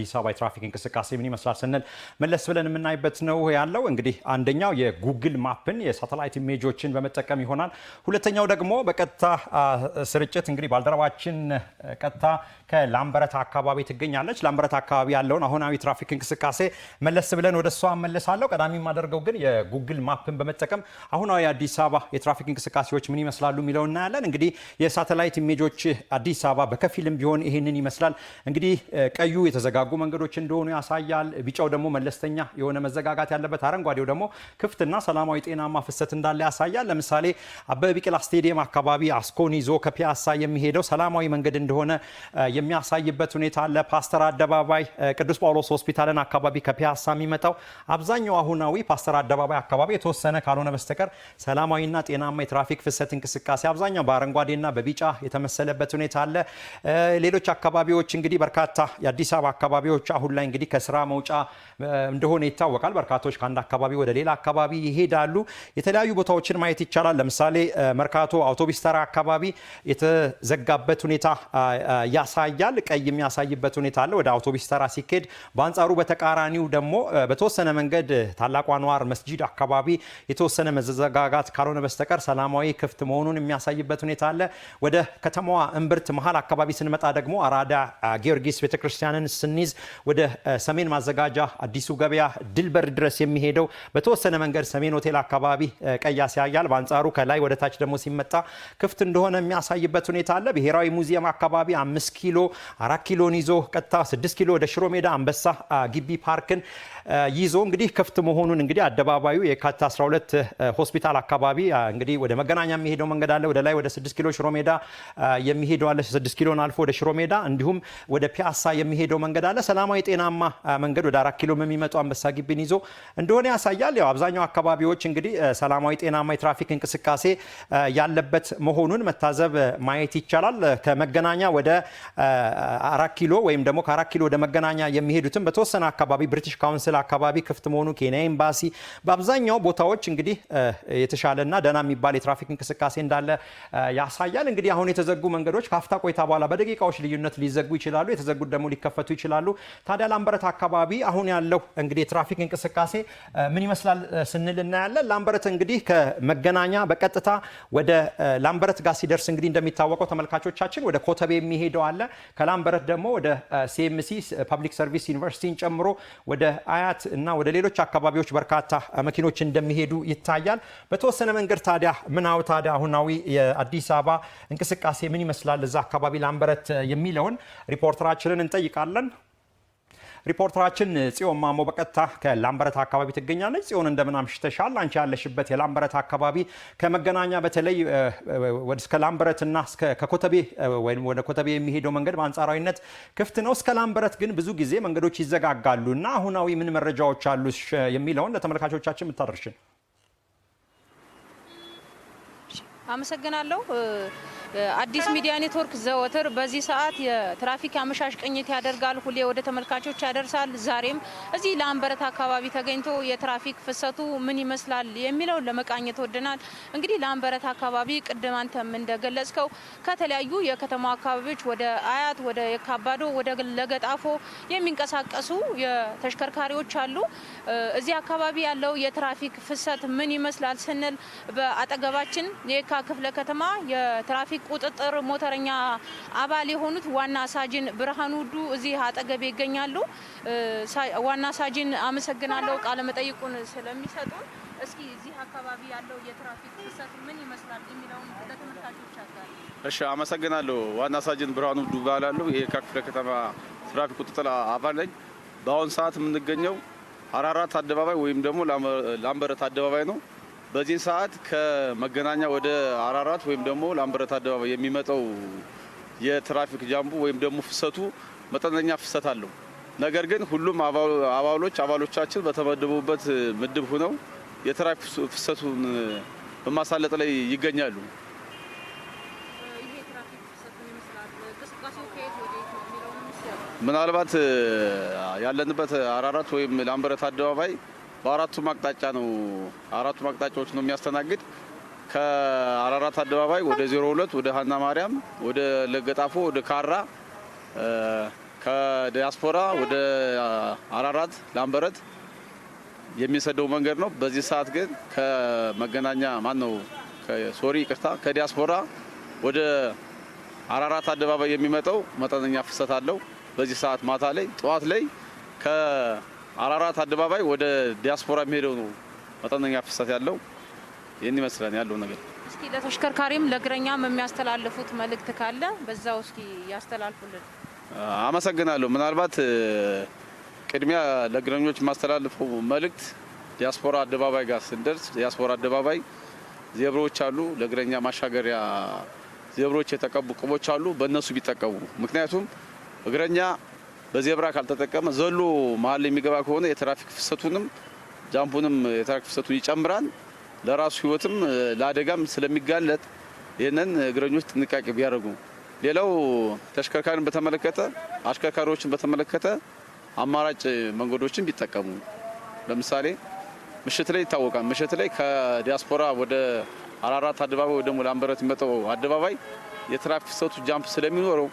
የአዲስ አበባ የትራፊክ እንቅስቃሴ ምን ይመስላል ስንል መለስ ብለን የምናይበት ነው ያለው። እንግዲህ አንደኛው የጉግል ማፕን የሳተላይት ኢሜጆችን በመጠቀም ይሆናል። ሁለተኛው ደግሞ በቀጥታ ስርጭት እንግዲህ ባልደረባችን ቀጥታ ከላምበረት አካባቢ ትገኛለች። ላምበረት አካባቢ ያለውን አሁናዊ ትራፊክ እንቅስቃሴ መለስ ብለን ወደ እሷ መለሳለሁ። ቀዳሚ የማደርገው ግን የጉግል ማፕን በመጠቀም አሁናዊ አዲስ አበባ የትራፊክ እንቅስቃሴዎች ምን ይመስላሉ የሚለው እናያለን። እንግዲህ የሳተላይት ኢሜጆች አዲስ አበባ በከፊልም ቢሆን ይህንን ይመስላል። እንግዲህ ቀዩ የተዘጋጉ የተዘጋጉ መንገዶች እንደሆኑ ያሳያል። ቢጫው ደግሞ መለስተኛ የሆነ መዘጋጋት ያለበት፣ አረንጓዴው ደግሞ ክፍትና ሰላማዊ ጤናማ ፍሰት እንዳለ ያሳያል። ለምሳሌ አበበ ቢቂላ ስቴዲየም አካባቢ አስኮን ይዞ ከፒያሳ የሚሄደው ሰላማዊ መንገድ እንደሆነ የሚያሳይበት ሁኔታ አለ። ፓስተር አደባባይ ቅዱስ ጳውሎስ ሆስፒታልን አካባቢ ከፒያሳ የሚመጣው አብዛኛው አሁናዊ ፓስተር አደባባይ አካባቢ የተወሰነ ካልሆነ በስተቀር ሰላማዊና ጤናማ የትራፊክ ፍሰት እንቅስቃሴ አብዛኛው በአረንጓዴና በቢጫ የተመሰለበት ሁኔታ አለ። ሌሎች አካባቢዎች እንግዲህ በርካታ የአዲስ አበባ አካባቢ አካባቢዎች አሁን ላይ እንግዲህ ከስራ መውጫ እንደሆነ ይታወቃል። በርካቶች ከአንድ አካባቢ ወደ ሌላ አካባቢ ይሄዳሉ። የተለያዩ ቦታዎችን ማየት ይቻላል። ለምሳሌ መርካቶ አውቶቢስ ተራ አካባቢ የተዘጋበት ሁኔታ ያሳያል። ቀይ የሚያሳይበት ሁኔታ አለ ወደ አውቶቢስ ተራ ሲኬድ። በአንጻሩ በተቃራኒው ደግሞ በተወሰነ መንገድ ታላቁ አንዋር መስጂድ አካባቢ የተወሰነ መዘጋጋት ካልሆነ በስተቀር ሰላማዊ ክፍት መሆኑን የሚያሳይበት ሁኔታ አለ። ወደ ከተማዋ እምብርት መሀል አካባቢ ስንመጣ ደግሞ አራዳ ጊዮርጊስ ቤተክርስቲያንን ስኒ ስለሚይዝ ወደ ሰሜን ማዘጋጃ አዲሱ ገበያ ድልበር ድረስ የሚሄደው በተወሰነ መንገድ ሰሜን ሆቴል አካባቢ ቀይ ያሳያል። በአንጻሩ ከላይ ወደ ታች ደግሞ ሲመጣ ክፍት እንደሆነ የሚያሳይበት ሁኔታ አለ። ብሔራዊ ሙዚየም አካባቢ አምስት ኪሎ አራት ኪሎን ይዞ ቀጥታ ስድስት ኪሎ ወደ ሽሮ ሜዳ አንበሳ ግቢ ፓርክን ይዞ እንግዲህ ክፍት መሆኑን እንግዲህ አደባባዩ የካቲት 12 ሆስፒታል አካባቢ እንግዲህ ወደ መገናኛ የሚሄደው መንገድ አለ። ወደ ላይ ወደ 6 ኪሎ ሽሮ ሜዳ የሚሄደው አለ። 6 ኪሎን አልፎ ወደ ሽሮ ሜዳ እንዲሁም ወደ ፒያሳ የሚሄደው መንገድ እንዳለ ሰላማዊ ጤናማ መንገድ ወደ አራት ኪሎ የሚመጡ አንበሳ ግቢን ይዞ እንደሆነ ያሳያል። ያው አብዛኛው አካባቢዎች እንግዲህ ሰላማዊ ጤናማ የትራፊክ እንቅስቃሴ ያለበት መሆኑን መታዘብ ማየት ይቻላል። ከመገናኛ ወደ አራት ኪሎ ወይም ደግሞ ከአራት ኪሎ ወደ መገናኛ የሚሄዱትም በተወሰነ አካባቢ ብሪቲሽ ካውንስል አካባቢ ክፍት መሆኑ፣ ኬንያ ኤምባሲ፣ በአብዛኛው ቦታዎች እንግዲህ የተሻለና ደህና የሚባል የትራፊክ እንቅስቃሴ እንዳለ ያሳያል። እንግዲህ አሁን የተዘጉ መንገዶች ከአፍታ ቆይታ በኋላ በደቂቃዎች ልዩነት ሊዘጉ ይችላሉ። የተዘጉት ደግሞ ሊከፈቱ ይችላሉ። ይችላሉ። ታዲያ ላምበረት አካባቢ አሁን ያለው እንግዲህ የትራፊክ እንቅስቃሴ ምን ይመስላል ስንል እናያለን። ላምበረት እንግዲህ ከመገናኛ በቀጥታ ወደ ላምበረት ጋር ሲደርስ እንግዲህ እንደሚታወቀው ተመልካቾቻችን ወደ ኮተቤ የሚሄደው አለ። ከላምበረት ደግሞ ወደ ሲኤምሲ ፐብሊክ ሰርቪስ ዩኒቨርሲቲን ጨምሮ ወደ አያት እና ወደ ሌሎች አካባቢዎች በርካታ መኪኖች እንደሚሄዱ ይታያል። በተወሰነ መንገድ ታዲያ ምናው ታዲያ አሁናዊ የአዲስ አበባ እንቅስቃሴ ምን ይመስላል እዛ አካባቢ ላምበረት የሚለውን ሪፖርተራችንን እንጠይቃለን። ሪፖርተራችን ጽዮን ማሞ በቀጥታ ከላምበረት አካባቢ ትገኛለች። ጽዮን እንደምን አምሽተሻል? አንቺ ያለሽበት የላምበረት አካባቢ ከመገናኛ በተለይ እስከ ላምበረት እና ከኮተቤ ወይም ወደ ኮተቤ የሚሄደው መንገድ በአንጻራዊነት ክፍት ነው። እስከ ላምበረት ግን ብዙ ጊዜ መንገዶች ይዘጋጋሉ እና አሁናዊ ምን መረጃዎች አሉሽ የሚለውን ለተመልካቾቻችን የምታደርሽን አመሰግናለሁ። አዲስ ሚዲያ ኔትወርክ ዘወትር በዚህ ሰዓት የትራፊክ አመሻሽ ቅኝት ያደርጋል፣ ሁሌ ወደ ተመልካቾች ያደርሳል። ዛሬም እዚህ ላምበረት አካባቢ ተገኝቶ የትራፊክ ፍሰቱ ምን ይመስላል የሚለውን ለመቃኘት ወድናል። እንግዲህ ለአንበረት አካባቢ ቅድም አንተም እንደገለጽከው ከተለያዩ የከተማ አካባቢዎች ወደ አያት፣ ወደ የካባዶ፣ ወደ ለገጣፎ የሚንቀሳቀሱ የተሽከርካሪዎች አሉ። እዚህ አካባቢ ያለው የትራፊክ ፍሰት ምን ይመስላል ስንል በአጠገባችን የካ ክፍለ ከተማ የትራፊክ ቁጥጥር ሞተረኛ አባል የሆኑት ዋና ሳጅን ብርሃኑ ውዱ እዚህ አጠገቤ ይገኛሉ። ዋና ሳጅን አመሰግናለሁ ቃለ መጠይቁን ስለሚሰጡ። እስኪ እዚህ አካባቢ ያለው የትራፊክ ፍሰት ምን ይመስላል የሚለውን ለተመልካቾች አጋር። እሺ፣ አመሰግናለሁ። ዋና ሳጅን ብርሃኑ ውዱ እባላለሁ። ይሄ ክፍለ ከተማ ትራፊክ ቁጥጥር አባል ነኝ። በአሁን ሰዓት የምንገኘው አራራት አደባባይ ወይም ደግሞ ላምበረት አደባባይ ነው። በዚህ ሰዓት ከመገናኛ ወደ አራራት ወይም ደግሞ ላምበረት አደባባይ የሚመጣው የትራፊክ ጃምቡ ወይም ደግሞ ፍሰቱ መጠነኛ ፍሰት አለው። ነገር ግን ሁሉም አባሎች አባሎቻችን በተመደቡበት ምድብ ሆነው የትራፊክ ፍሰቱን በማሳለጥ ላይ ይገኛሉ። ምናልባት ያለንበት አራራት ወይም ላምበረት አደባባይ በአራቱም አቅጣጫ ነው አራቱም አቅጣጫዎች ነው የሚያስተናግድ ከአራራት አደባባይ ወደ 02 ወደ ሀና ማርያም ወደ ለገጣፎ ወደ ካራ ከዲያስፖራ ወደ አራራት ላምበረት የሚሰደው መንገድ ነው። በዚህ ሰዓት ግን ከመገናኛ ማን ነው ሶሪ ቅርታ ከዲያስፖራ ወደ አራራት አደባባይ የሚመጣው መጠነኛ ፍሰት አለው። በዚህ ሰዓት ማታ ላይ ጠዋት ላይ አራራት አደባባይ ወደ ዲያስፖራ የሚሄደው ነው መጠነኛ ፍሰት ያለው። ይህን ይመስላል ያለው ነገር። እስኪ ለተሽከርካሪም ለእግረኛም የሚያስተላልፉት መልእክት ካለ በዛው እስኪ ያስተላልፉልን። አመሰግናለሁ። ምናልባት ቅድሚያ ለእግረኞች የማስተላልፈው መልእክት ዲያስፖራ አደባባይ ጋር ስንደርስ ዲያስፖራ አደባባይ ዜብሮች አሉ፣ ለእግረኛ ማሻገሪያ ዜብሮች የተቀቡ ቅቦች አሉ። በእነሱ ቢጠቀሙ ምክንያቱም እግረኛ በዜብራ ካልተጠቀመ ዘሎ መሀል የሚገባ ከሆነ የትራፊክ ፍሰቱንም ጃምፑንም የትራፊክ ፍሰቱን ይጨምራል። ለራሱ ህይወትም ለአደጋም ስለሚጋለጥ ይህንን እግረኞች ጥንቃቄ ቢያደርጉ። ሌላው ተሽከርካሪን በተመለከተ አሽከርካሪዎችን በተመለከተ አማራጭ መንገዶችን ቢጠቀሙ። ለምሳሌ ምሽት ላይ ይታወቃል። ምሽት ላይ ከዲያስፖራ ወደ አራራት አደባባይ ወደ ሙላንበረት የሚመጣው አደባባይ የትራፊክ ፍሰቱ ጃምፕ ስለሚኖረው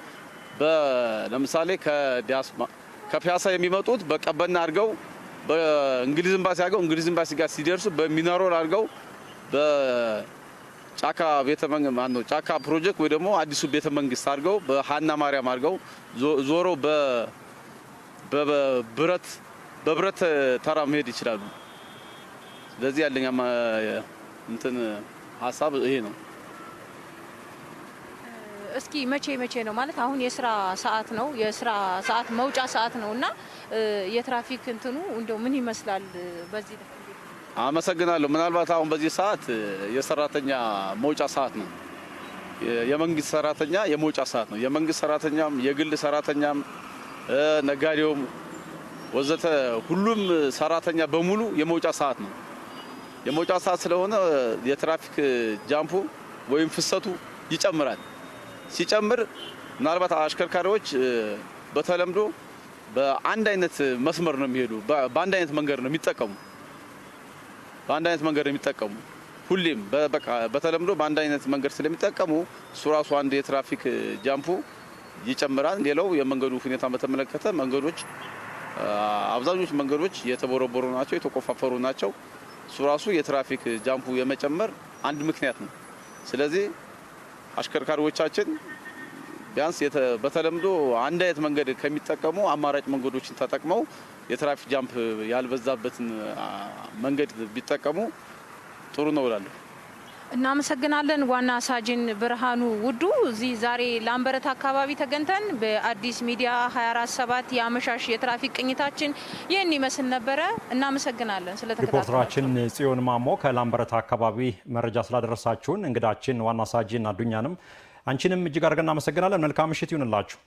ለምሳሌ ከፒያሳ የሚመጡት በቀበና አድርገው በእንግሊዝ ኤምባሲ አድርገው እንግሊዝ ኤምባሲ ጋር ሲደርሱ በሚናሮል አድርገው በጫካ ቤተ መንግስት ጫካ ፕሮጀክት ወይ ደግሞ አዲሱ ቤተ መንግስት አድርገው በሀና ማርያም አድርገው ዞሮ በብረት በብረት ተራ መሄድ ይችላሉ። ስለዚህ ያለኛ እንትን ሀሳብ ይሄ ነው። እስኪ መቼ መቼ ነው ማለት አሁን የስራ ሰዓት ነው የስራ ሰዓት መውጫ ሰዓት ነው እና የትራፊክ እንትኑ እንደው ምን ይመስላል? በዚህ አመሰግናለሁ። ምናልባት አሁን በዚህ ሰዓት የሰራተኛ መውጫ ሰዓት ነው። የመንግስት ሰራተኛ የመውጫ ሰዓት ነው። የመንግስት ሰራተኛም የግል ሰራተኛም ነጋዴውም ወዘተ ሁሉም ሰራተኛ በሙሉ የመውጫ ሰዓት ነው። የመውጫ ሰዓት ስለሆነ የትራፊክ ጃምፑ ወይም ፍሰቱ ይጨምራል። ሲጨምር ምናልባት አሽከርካሪዎች በተለምዶ በአንድ አይነት መስመር ነው የሚሄዱ፣ በአንድ አይነት መንገድ ነው የሚጠቀሙ፣ በአንድ አይነት መንገድ ነው የሚጠቀሙ ሁሌም በቃ በተለምዶ በአንድ አይነት መንገድ ስለሚጠቀሙ እሱ ራሱ አንድ የትራፊክ ጃምፑ ይጨምራል። ሌላው የመንገዱ ሁኔታ በተመለከተ መንገዶች አብዛኞቹ መንገዶች የተቦረቦሩ ናቸው፣ የተቆፋፈሩ ናቸው። እሱ ራሱ የትራፊክ ጃምፑ የመጨመር አንድ ምክንያት ነው። ስለዚህ አሽከርካሪዎቻችን ቢያንስ በተለምዶ አንድ አይነት መንገድ ከሚጠቀሙ አማራጭ መንገዶችን ተጠቅመው የትራፊክ ጃምፕ ያልበዛበትን መንገድ ቢጠቀሙ ጥሩ ነው እላለሁ። እናመሰግናለን ዋና ሳጅን ብርሃኑ ውዱ። እዚህ ዛሬ ላምበረት አካባቢ ተገኝተን በአዲስ ሚዲያ 247 የአመሻሽ የትራፊክ ቅኝታችን ይህን ይመስል ነበረ። እናመሰግናለን ስለ ሪፖርተራችን ጽዮን ማሞ ከላምበረት አካባቢ መረጃ ስላደረሳችሁን እንግዳችን ዋና ሳጅን አዱኛንም አንቺንም እጅግ አድርገን እናመሰግናለን። መልካም ምሽት ይሁንላችሁ።